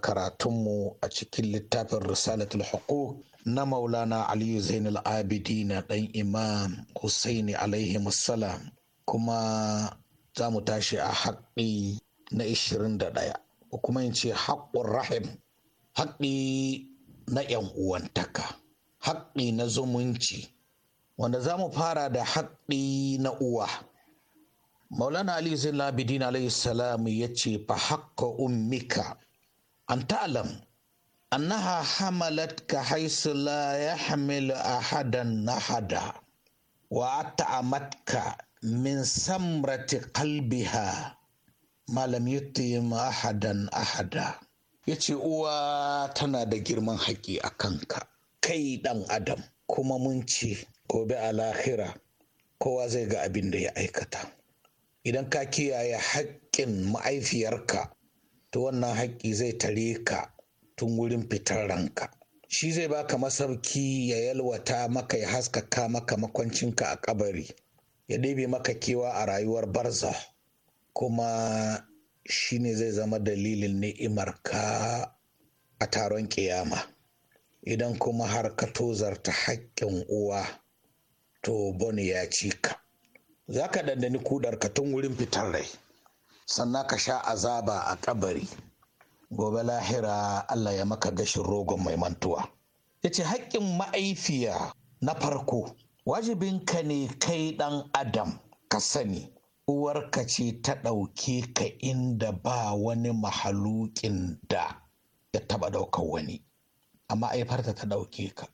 mu a cikin littafin risalatul huquq na maulana aliyu zainul abidi na dan imam husaini alaihi musallam kuma za mu tashi a haƙi na 21 kuma in ce haƙƙun rahim haƙi na 'yan uwantaka haƙi na zumunci wanda za mu fara da haƙƙi na uwa maulana ali zin labidin alayhi salamu, ya ce fa haƙƙa ummika an ta'alam annaha hamalat ka haisu la ya hamilu ahadan hada. wa ta'amatka min samrati qalbiha malam hadan ahadan ahada ya ce uwa tana da girman haƙi a kanka kai ɗan adam kuma mun ce gobe a lahira kowa zai ga abin da ya aikata idan ka kiyaye haƙƙin ma'aifiyarka to wannan haƙƙi zai tare ka tun wurin fitar ranka shi zai baka masauki ya yalwata maka ya haskaka maka makwancinka a kabari ya ɗebe maka kewa a rayuwar barza kuma shi ne zai zama dalilin ni'imarka a taron ƙiyama idan kuma har ka tozarta haƙƙin uwa to bone ya ci ka za ka dandani kudar ka tun wurin fitar rai sannan ka sha azaba a kabari gobe lahira Allah ya maka gashin rogon mai mantuwa ya ce haƙƙin ma'aifiya na farko wajibinka ne kai ɗan adam ka sani uwarka ce ta ɗauke ka inda ba wani mahalukin da ya taɓa ɗaukar wani amma aifarta ta ɗauke ka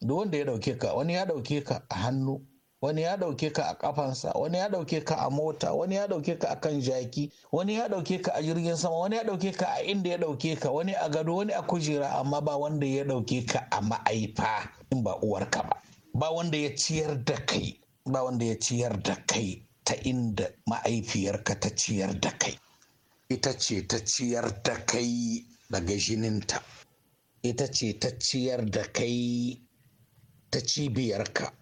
duk wanda ya ɗauke ka wani ya ɗauke ka a hannu wani ya ɗauke ka a kafansa wani ya ɗauke ka a mota wani ya ɗauke ka a kan jaki wani ya ɗauke ka a jirgin sama wani ya ɗauke ka a inda ya ɗauke ka wani a gado wani a kujera amma ba wanda ya ɗauke ka a ma'aifa in ba uwarka ba ba wanda ya ciyar da kai ba wanda ya ciyar da kai ta inda ma'aifiyarka ta ciyar da kai ita ce ta ciyar da kai daga jininta ita ce ta ciyar da kai ta cibiyarka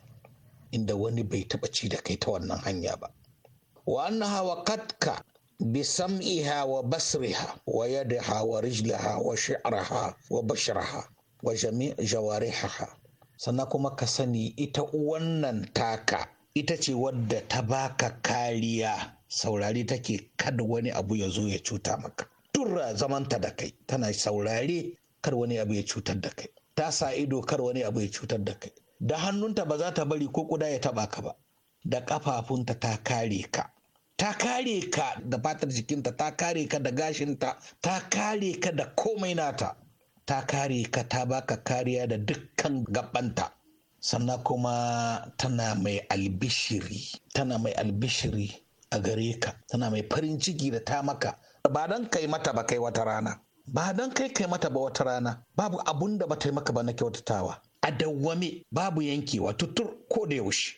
inda wani bai taɓa ci da kai ta wannan hanya ba wa hawa katka bi sam'iha wa basriha wa yadaha, wa rijlaha wa shi'raha wa bashraha wa jami' jawarihaha sannan kuma ka sani ita wannan taka ita ce wadda ta baka kariya saurari take kada wani abu ya zo ya cuta maka turra zamanta da kai tana saurari kar wani abu ya cutar da kai ta sa ido kar wani abu ya cutar da kai da hannunta ba za ta bari ko ƙuda ya taɓa ka ba da kafafunta ta kare ka ta kare ka da fatar jikinta ta kare ka da gashinta ta kare ka da komai nata ta kare ka ta baka kariya da dukkan gabanta sannan kuma tana mai albishiri tana mai albishiri a gare ka tana mai farin ciki da ta maka ba don kai mata ba kai wata rana ba don kai kai mata ba wata rana babu abun da ba ta yi maka ba na kyautatawa a dawwame babu yankewa tutur ko da yaushe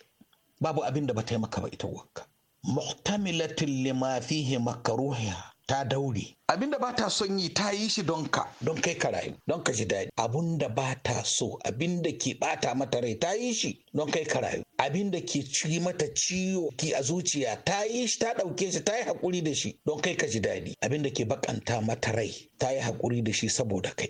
babu abin da ba ta yi maka ba ita wanka muhtamilatin limafihi makaruhiya ta daure abin da ba ta son yi ta yi shi don ka don kai ka rayu don ka ji daɗi abin da ba ta so abin da ke bata mata rai ta yi shi don kai ka rayu abin da ke ci mata ciwo ki a zuciya ta yi shi ta ɗauke shi ta yi haƙuri da shi don kai ka ji daɗi abin da ke bakanta mata rai ta yi haƙuri da shi saboda kai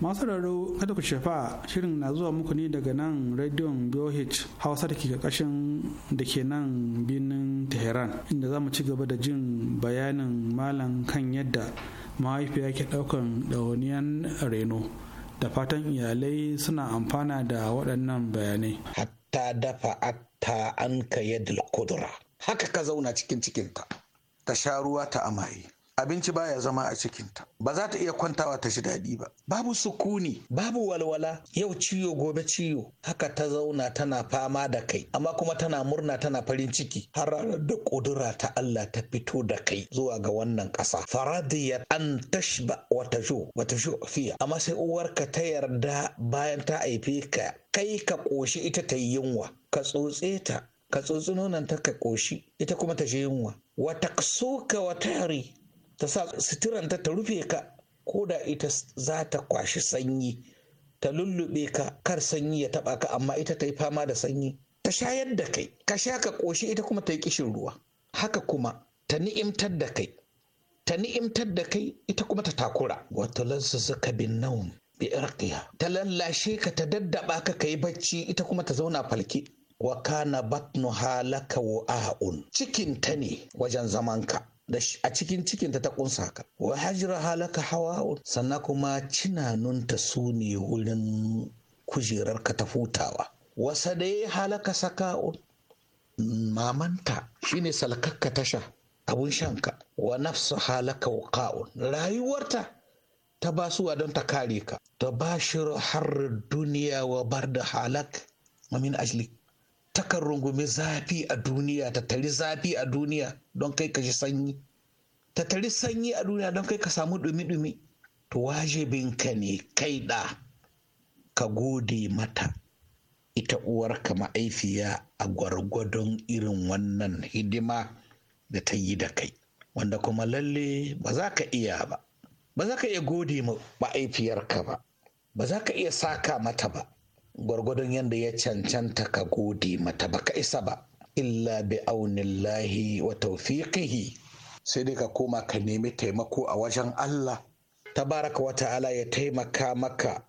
masu raro kada ku shafa shirin na zuwa muku ne daga nan rediyon BOH Hausa da ke kakashin da ke nan birnin Tehran inda za mu ci gaba da jin bayanin malam kan yadda mahaifiya ke daukan ɗawainiyan reno da fatan iyalai suna amfana da waɗannan bayanai. Hatta dafa atta an ka yadda kudura. Haka ka zauna cikin cikinka, ta sha ruwa ta amaye. abinci baya zama a cikinta ba za ta iya kwantawa ta ji daɗi ba babu sukuni babu walwala yau ciwo gobe ciwo haka ta zauna tana fama da kai amma kuma tana murna tana farin ciki har ranar da ƙudura ta Allah ta fito da kai zuwa ga wannan ƙasa Faradiyar an tashba wata jo wata jo fiya amma sai uwarka ta yarda bayan ta haife ka kai ka ƙoshi ita ta yi yunwa ka tsotse ta ka tsotsi nonon ta ka ƙoshi ita kuma ta je yunwa wata ka wata yare ta sa suturanta ta rufe ka ko da ita za ta kwashi sanyi ta lullube ka kar sanyi ya taba ka amma ita ta yi fama da sanyi ta shayar da kai ka sha ka ƙoshi ita kuma ta yi kishin ruwa haka kuma ta ni'imtar da kai ta ni'imtar da kai ita kuma ta takura wata lansu bin naum bi irqiya ta lallashe ka ta daddaba ka ka yi bacci ita kuma ta zauna falke wa kana batnu halaka wa cikin ta ne wajen zamanka da a cikin cikinta ta kunsa ka wa hajira halaka hawa sannan kuma cinanunta su ne wurin kujerarka ta hutawa wasa da ya halaka saka'un mamanta shine salkakka tasha abun shanka wa nafsu halaka ka'un rayuwarta ta basuwa don ta kare ka ta bashir har duniya wa bar da halak mamin ajlik takan rungumi zafi a duniya ta zafi a duniya don kai ka ji sanyi ta sanyi a duniya don kai ka samu dumi-dumi to wajibinka ne kai da ka gode mata ita uwarka ma'aifiya a gwargwadon irin wannan hidima da ta yi da kai wanda kuma lalle ba za ka iya ba ba za ka iya gode ma'aifiyarka ba ba za ka iya saka mata ba gwargwadon yadda ya cancanta ka gode mata ba ka isa ba illa bi aunillahi wa taufiqihi, sai dai ka koma ka nemi taimako a wajen Allah tabaraka wa ta'ala ya taimaka maka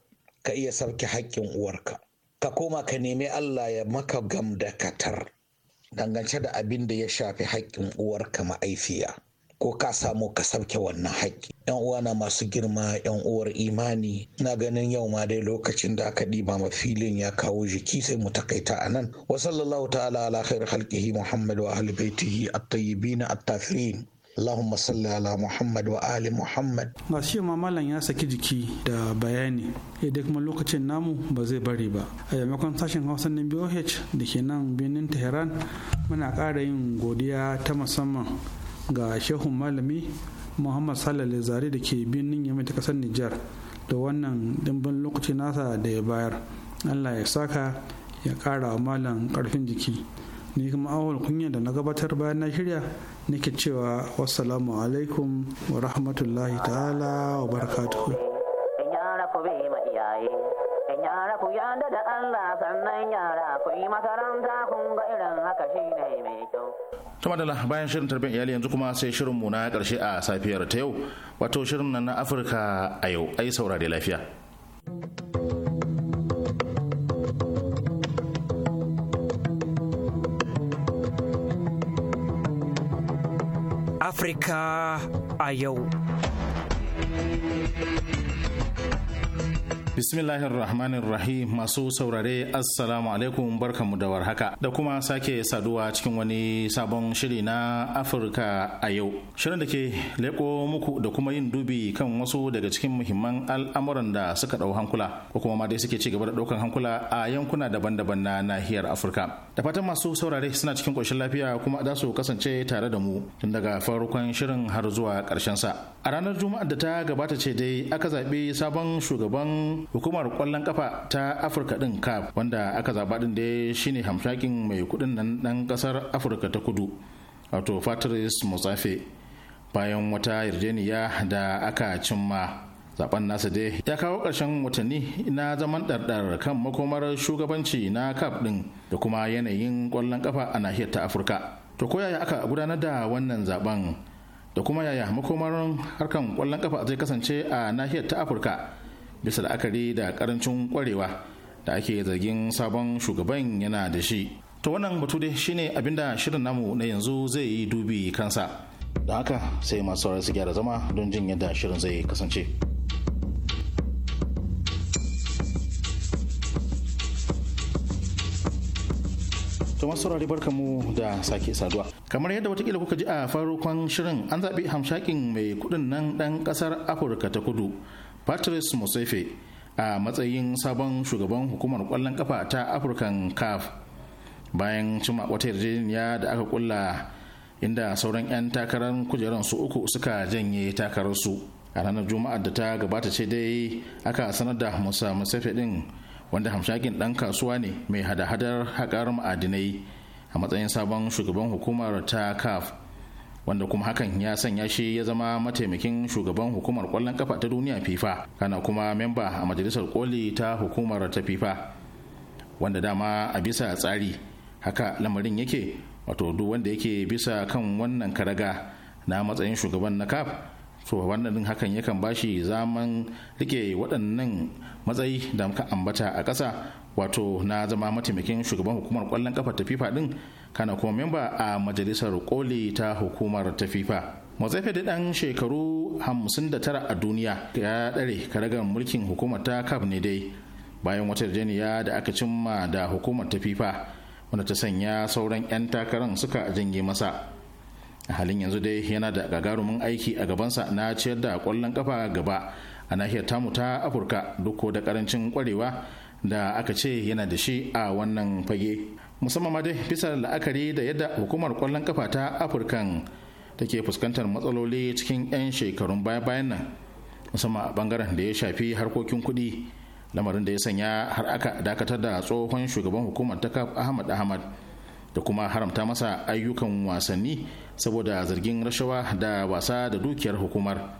ka iya sauke haƙƙin uwarka ka koma ka nemi Allah ya maka gamdakatar dangance da abin da ya shafi haƙƙin uwarka ma'aifiya ko ka samu ka sauke wannan haƙƙi yan na masu girma yan uwar imani na ganin yau ma dai lokacin da aka ɗiba ma filin ya kawo jiki sai mu takaita a nan wa sallallahu ta'ala ala khair halkihi muhammad wa ahli baitihi at-tayyibin at-tafirin Allahumma salli ala Muhammad wa ali Muhammad. Ga shi ma ya saki jiki da bayani, idan eh, kuma lokacin namu ba zai bari ba. A yamakon sashen Hausa na BOH da ke nan birnin Tehran muna ƙara yin godiya ta musamman ga shehun malami muhammad salale zare da ke birnin yamai ta kasar nijar da wannan dimbin lokaci nasa da ya bayar allah ya saka ya kara wa malam karfin jiki ni kuma awal kunya da na gabatar bayan na shirya nake cewa wassalamu alaikum wa rahmatullahi ta'ala wa barakatuhu ku yarda da Allah sannan yara ku yi makaranta kun ga irin haka shi ne mai kyau. Tuma da bayan shirin tarbiyyar iyali yanzu kuma sai shirin mu na karshe a safiyar ta yau wato shirin nan na Afirka a yau ai saurare lafiya. Afirka a yau. Bismillahir Rahmanir Rahim masu saurare Assalamu alaikum barkamu da warhaka da kuma sake saduwa cikin wani sabon shiri na Afirka a yau. Shirin da ke leko muku da kuma yin dubi kan wasu daga cikin muhimman al'amuran da suka ɗau hankula ko kuma ma dai suke cigaba da daukan hankula a yankuna daban-daban na nahiyar Afirka. Da fatan masu saurare suna cikin koshin lafiya kuma da su kasance tare da mu tun daga farkon shirin har zuwa karshen sa. A ranar Juma'ar da ta gabata ce dai aka zaɓi sabon shugaban hukumar kwallon kafa ta afirka din caf wanda aka zaba din da shine hamshakin mai kudin nan dan kasar afirka ta kudu wato patrice musafe bayan wata yarjeniya da aka cimma zaben nasa dai ya kawo ƙarshen watanni na zaman ɗarɗar kan makomar shugabanci na cap din da kuma yanayin kwallon kafa a nahiyar ta afirka to ko yaya aka gudanar da wannan zaben da kuma yaya makomar harkan kwallon kafa zai kasance a nahiyar ta afirka bisa la'akari da karancin kwarewa da ake zargin sabon shugaban yana da shi to wannan batu dai shine abinda shirin namu na yanzu zai yi dubi kansa da haka sai masu sauran su gyara zama don jin yadda shirin zai kasance to masu saurari barka mu da sake saduwa kamar yadda watakila kuka ji a farukon shirin an zaɓi hamshakin mai kudin nan ɗan ƙasar afirka ta kudu patrice musefe a matsayin sabon shugaban hukumar kwallon kafa ta african caf bayan cima wata yarjejeniya da aka kulla inda sauran 'yan takarar kujerar su uku suka janye takararsu a ranar juma'ar da ta gabata ce dai aka sanar da musa musefe din wanda hamshakin dan kasuwa ne mai hada-hadar haƙar ma'adinai a matsayin sabon shugaban hukumar ta caf wanda kuma hakan ya sanya shi ya zama mataimakin shugaban hukumar kwallon kafa ta duniya fifa kana kuma memba a majalisar koli ta hukumar ta fifa wanda dama a bisa tsari haka lamarin yake wato duk wanda yake bisa kan wannan karaga na matsayin shugaban na kaf to wannan din hakan yakan bashi zaman rike waɗannan matsayi da muka ambata a ƙasa wato na zama mataimakin shugaban hukumar kwallon kafa ta fifa din kana kuma memba a majalisar koli ta hukumar ta fifa matsafe da ɗan shekaru 59 a duniya ya dare karagar mulkin hukumar ta kaf ne dai bayan wata yarjejeniya da aka cimma da hukumar ta fifa wanda ta sanya sauran 'yan takarar suka janye masa a halin yanzu dai yana da gagarumin aiki a gabansa na ciyar da kwallon kafa gaba a nahiyar tamu ta afirka duk da karancin kwarewa da aka ce yana da shi a wannan fage musamman ma dai bisa la'akari da yadda hukumar kwallon kafa ta afirkan da ke fuskantar matsaloli cikin 'yan shekarun baya-bayan nan musamman a bangaren da ya shafi harkokin kuɗi lamarin da ya sanya har aka dakatar da tsohon shugaban hukumar ta kaf ahmad ahmad da kuma haramta masa ayyukan wasanni saboda zargin rashawa da wasa da dukiyar hukumar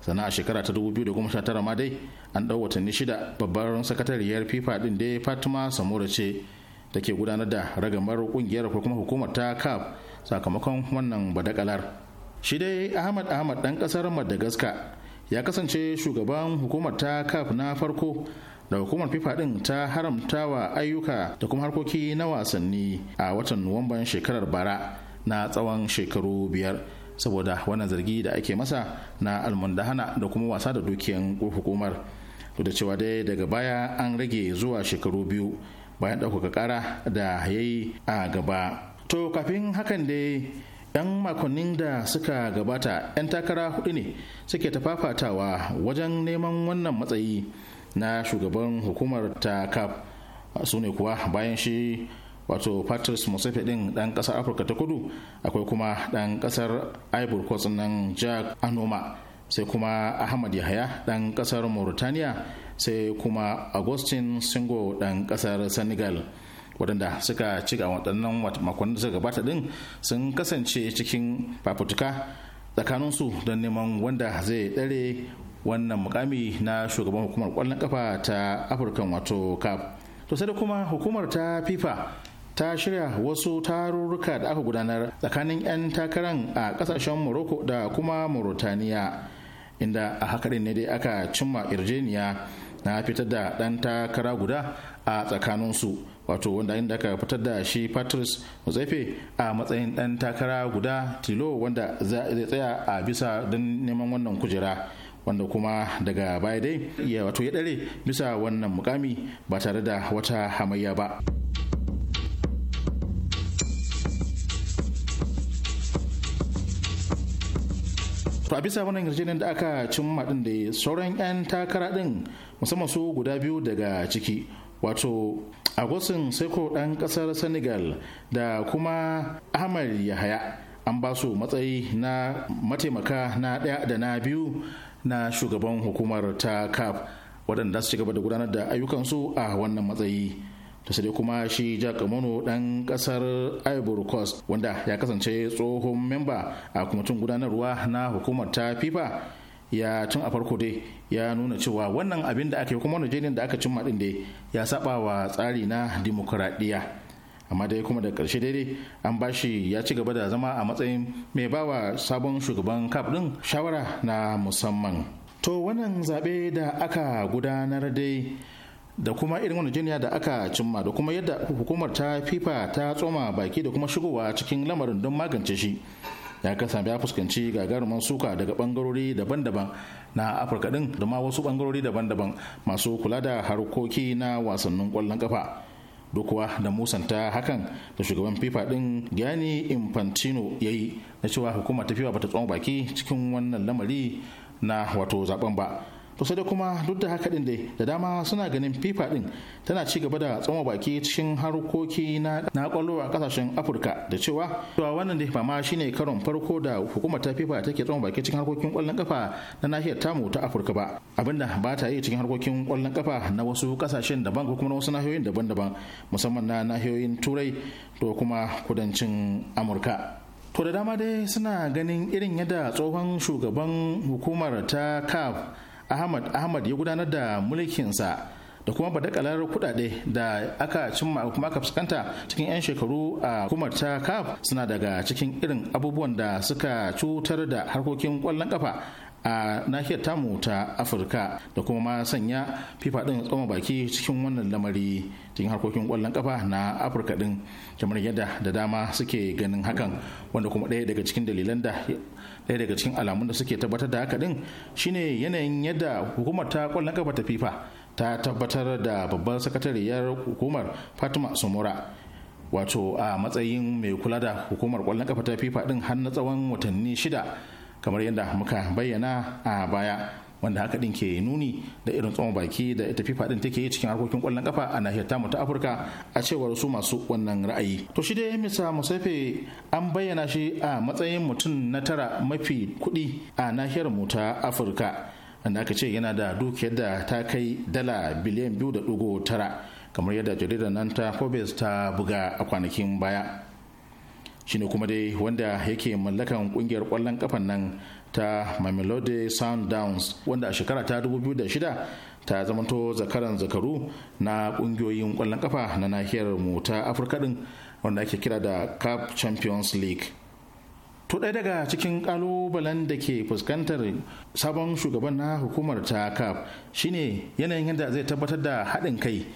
sana a shekara ta 2019 ma dai an ɗau watanni shida babbar sakatariyar fifa din dai fatima samura ce da ke gudanar da ragamar kungiyar ko kuma hukumar ta CAF sakamakon wannan badakalar. Shi dai Ahmad Ahmad dan kasar Madagascar ya kasance shugaban hukumar ta CAF na farko da hukumar fifa din ta haramtawa wa ayyuka da kuma harkoki na wasanni a watan nuwamban shekarar bara na tsawon shekaru biyar saboda wannan zargi da ake masa na almundahana da kuma wasa da dukiyan hukumar da cewa dai daga baya an rage zuwa shekaru biyu bayan ɗaukaka ƙara da ya yi a gaba to kafin hakan dai yan makonnin da suka gabata 'yan takara hudu ne suke tafafatawa wajen neman wannan matsayi na shugaban hukumar ta cap su ne kuwa bayan shi wato patrice musafi din dan kasar afirka ta kudu akwai kuma dan kasar ivory coast nan jack anoma sai kuma ahmad yahaya dan kasar mauritania sai kuma augustin singo dan kasar senegal waɗanda suka ci ga waɗannan makon da suka gabata ɗin sun kasance cikin fafutuka tsakaninsu don neman wanda zai ɗare wannan mukami na shugaban hukumar kwallon kafa ta afirkan wato cap to sai da kuma hukumar ta fifa ta shirya wasu tarurruka da aka gudanar tsakanin 'yan takaran a kasashen morocco da kuma mauritania inda a hakarin ne dai aka cimma irjeniya na fitar da ɗan takara guda a tsakaninsu wato wanda inda aka fitar da shi patris muzaife a matsayin ɗan takara guda tilo wanda zai tsaya a bisa don neman wannan kujera wanda kuma daga baya dai ya wato ya ɗare bisa wannan mukami ba tare da wata hamayya ba. a bisa wannan yarjejeniyar da aka cimma din da sauran 'yan takara din musamman su guda biyu daga ciki wato agustin seko ɗan ƙasar senegal da kuma ahmad yahaya an ba su matsayi na mataimaka na ɗaya da na biyu na shugaban hukumar ta cap waɗanda su ci gaba da gudanar da ayyukansu a wannan matsayi ta sai kuma shi jack mono ɗan ƙasar ivory coast wanda ya kasance tsohon memba a kwamitin gudanarwa na hukumar ta fifa ya tun a farko dai ya nuna cewa wannan abin da aka yi kuma wannan da aka cimma din dai ya saba wa tsari na dimokuraɗiyya amma dai kuma da ƙarshe daidai an ba shi ya ci gaba da zama a matsayin mai bawa sabon shugaban kaf din shawara na musamman to wannan zaɓe da aka gudanar dai da kuma irin wani jiniya da aka cimma da kuma yadda hukumar ta fifa ta tsoma baki da kuma shigowa cikin lamarin don magance shi da aka ya fuskanci gagarumin suka daga bangarori daban-daban na afirka din da ma wasu bangarori daban-daban masu kula da harkoki na wasannin kwallon kafa dokuwa da musanta hakan da shugaban fifa din gani infantino ya yi na cewa hukumar ta fifa bata tsoma baki cikin wannan lamari na wato zaben ba to da kuma duk da haka din dai da dama suna ganin fifa din tana ci gaba da tsoma baki cikin harkoki na na kwallo a kasashen afirka da cewa to wannan dai ba shine karon farko da hukumar ta fifa take tsoma baki cikin harkokin kwallon kafa na nahiyar tamu ta afirka ba abinda ba ta yi cikin harkokin kwallon kafa na wasu kasashen daban ko kuma na wasu nahiyoyin daban-daban musamman na nahiyoyin turai to kuma kudancin amurka to da dama dai suna ganin irin yadda tsohon shugaban hukumar ta caf ahmad ahmad ya gudanar da mulkinsa da kuma badakalar kudade da aka cimma kuma aka fuskanta cikin 'yan shekaru a hukumar ta kaf suna daga cikin irin abubuwan da suka cutar da harkokin kwallon kafa a nahiyar tamu ta afirka da kuma ma sanya fifa din tsoma baki cikin wannan lamari cikin harkokin kwallon kafa na afirka din kamar yadda da dama suke ganin hakan wanda kuma ɗaya daga cikin dalilan da ɗaya daga cikin alamun da suke tabbatar da haka ɗin shine yanayin yadda hukumar ta kwallon kafa ta fifa ta tabbatar da babbar sakatariyar hukumar fatima sumura wato a matsayin mai kula da hukumar kwallon kafa ta fifa ɗin har na tsawon watanni shida kamar yadda muka bayyana a baya wanda haka din ke nuni da irin tsawon baki da ita fifa din take yi cikin harkokin kwallon kafa a nahiyar tamu ta afirka a cewar su masu wannan ra'ayi to shi dai misa musaife an bayyana shi a matsayin mutum na tara mafi kudi a nahiyar mu ta afirka wanda aka ce yana da dukiyar da ta kai dala biliyan biyu da dugo tara kamar yadda jaridar nan ta forbes ta buga a kwanakin baya shine kuma dai wanda yake mallakan kungiyar kwallon kafan nan ta mamelodi sundowns wanda a shekara ta 2006 ta zamanto zakaran zakaru na kungiyoyin kwallon kafa na nahiyar mu ta afirka din wanda ake kira da cup champions league to ɗaya daga cikin ƙalubalen da ke fuskantar sabon shugaban na hukumar ta cap shine yanayin yadda zai tabbatar da haɗin kai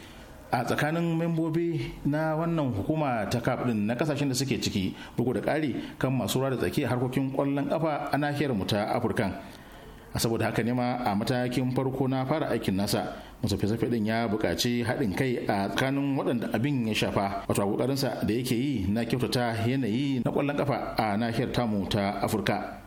a tsakanin membobi na wannan hukuma ta kaf din na kasashen da suke ciki bugu da ƙari kan masu ruwa da tsaki harkokin kwallon kafa a nahiyar mu ta Afirka. a saboda haka ne ma a matakin farko na fara aikin nasa musafe-safe din ya buƙaci haɗin kai a tsakanin waɗanda abin ya shafa wato ƙoƙarinsa da yake yi na kyautata yanayi na kwallon ƙafa a nahiyar tamu ta afirka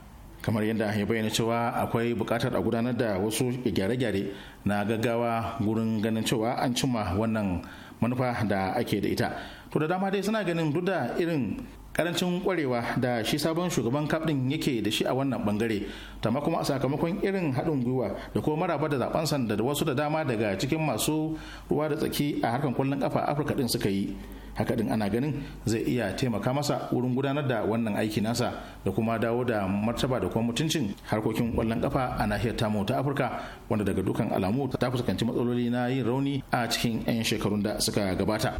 kamar yadda ya bayyana cewa akwai bukatar a gudanar da wasu gyare-gyare na gaggawa gurin ganin cewa an cimma wannan manufa da ake da ita to da dama dai suna ganin duk da irin karancin kwarewa da shi sabon shugaban kaf din yake da shi a wannan bangare tamma kuma a sakamakon irin haɗin gwiwa da kuma maraba da zaben sanda da wasu da dama daga cikin masu ruwa da tsaki a harkar kwallon kafa afirka din suka yi haka din ana ganin zai iya taimaka masa wurin gudanar da wannan aiki nasa da kuma dawo da martaba da kuma mutuncin harkokin kwallon kafa a nahiyar tamu ta afirka wanda daga dukan alamu ta fuskanci matsaloli na yin rauni a cikin 'yan shekarun da suka gabata.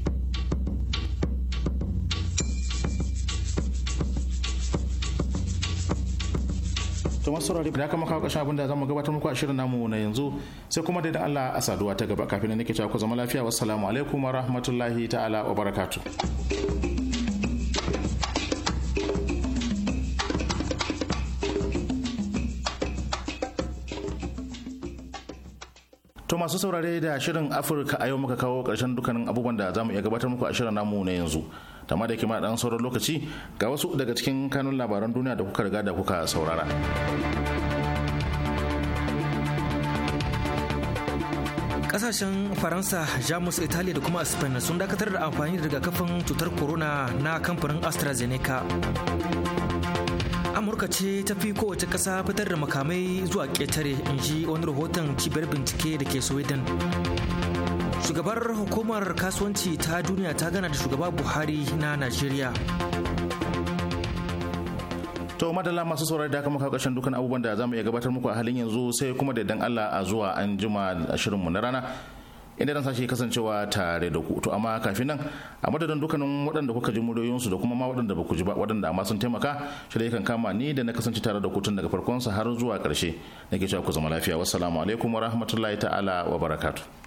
to masu saurari da kama kawo ƙarshen abin da zamu gabatar muku a shirin namu na yanzu sai kuma da da Allah a saduwa ta gaba kafin nake cewa ku zama lafiya wassalamu alaikum warahmatullahi ta'ala wa barakatu. To masu saurare da shirin Afirka a yau muka kawo ƙarshen dukkanin abubuwan da zamu iya gabatar muku a shirin namu na yanzu. Tama da kima dan sauran lokaci ga wasu daga cikin kanun labaran duniya da kuka riga da kuka saurara. kasashen faransa jamus italiya da kuma spain sun dakatar da amfani da rigakafin cutar corona na kamfanin astrazeneca amurka ce ta fi kowace kasa fitar da makamai zuwa ƙetare in ji wani rahoton cibiyar bincike da ke sweden shugabar hukumar kasuwanci ta duniya ta gana da shugaba buhari na najeriya to madalla masu saurari da aka kuma kakashin dukkan abubuwan da za mu iya gabatar muku a halin yanzu sai kuma da dan allah a zuwa an jima shirinmu na rana inda nan sashi kasancewa tare da ku to amma kafin nan a madadin dukkanin waɗanda kuka ji muryoyinsu da kuma ma waɗanda ba ku ji ba waɗanda amma sun taimaka shirya kan kama ni da na kasance tare da tun daga farkonsa har zuwa ƙarshe nake cewa ku zama lafiya wassalamu alaikum wa rahmatullahi ta'ala wa barakatu.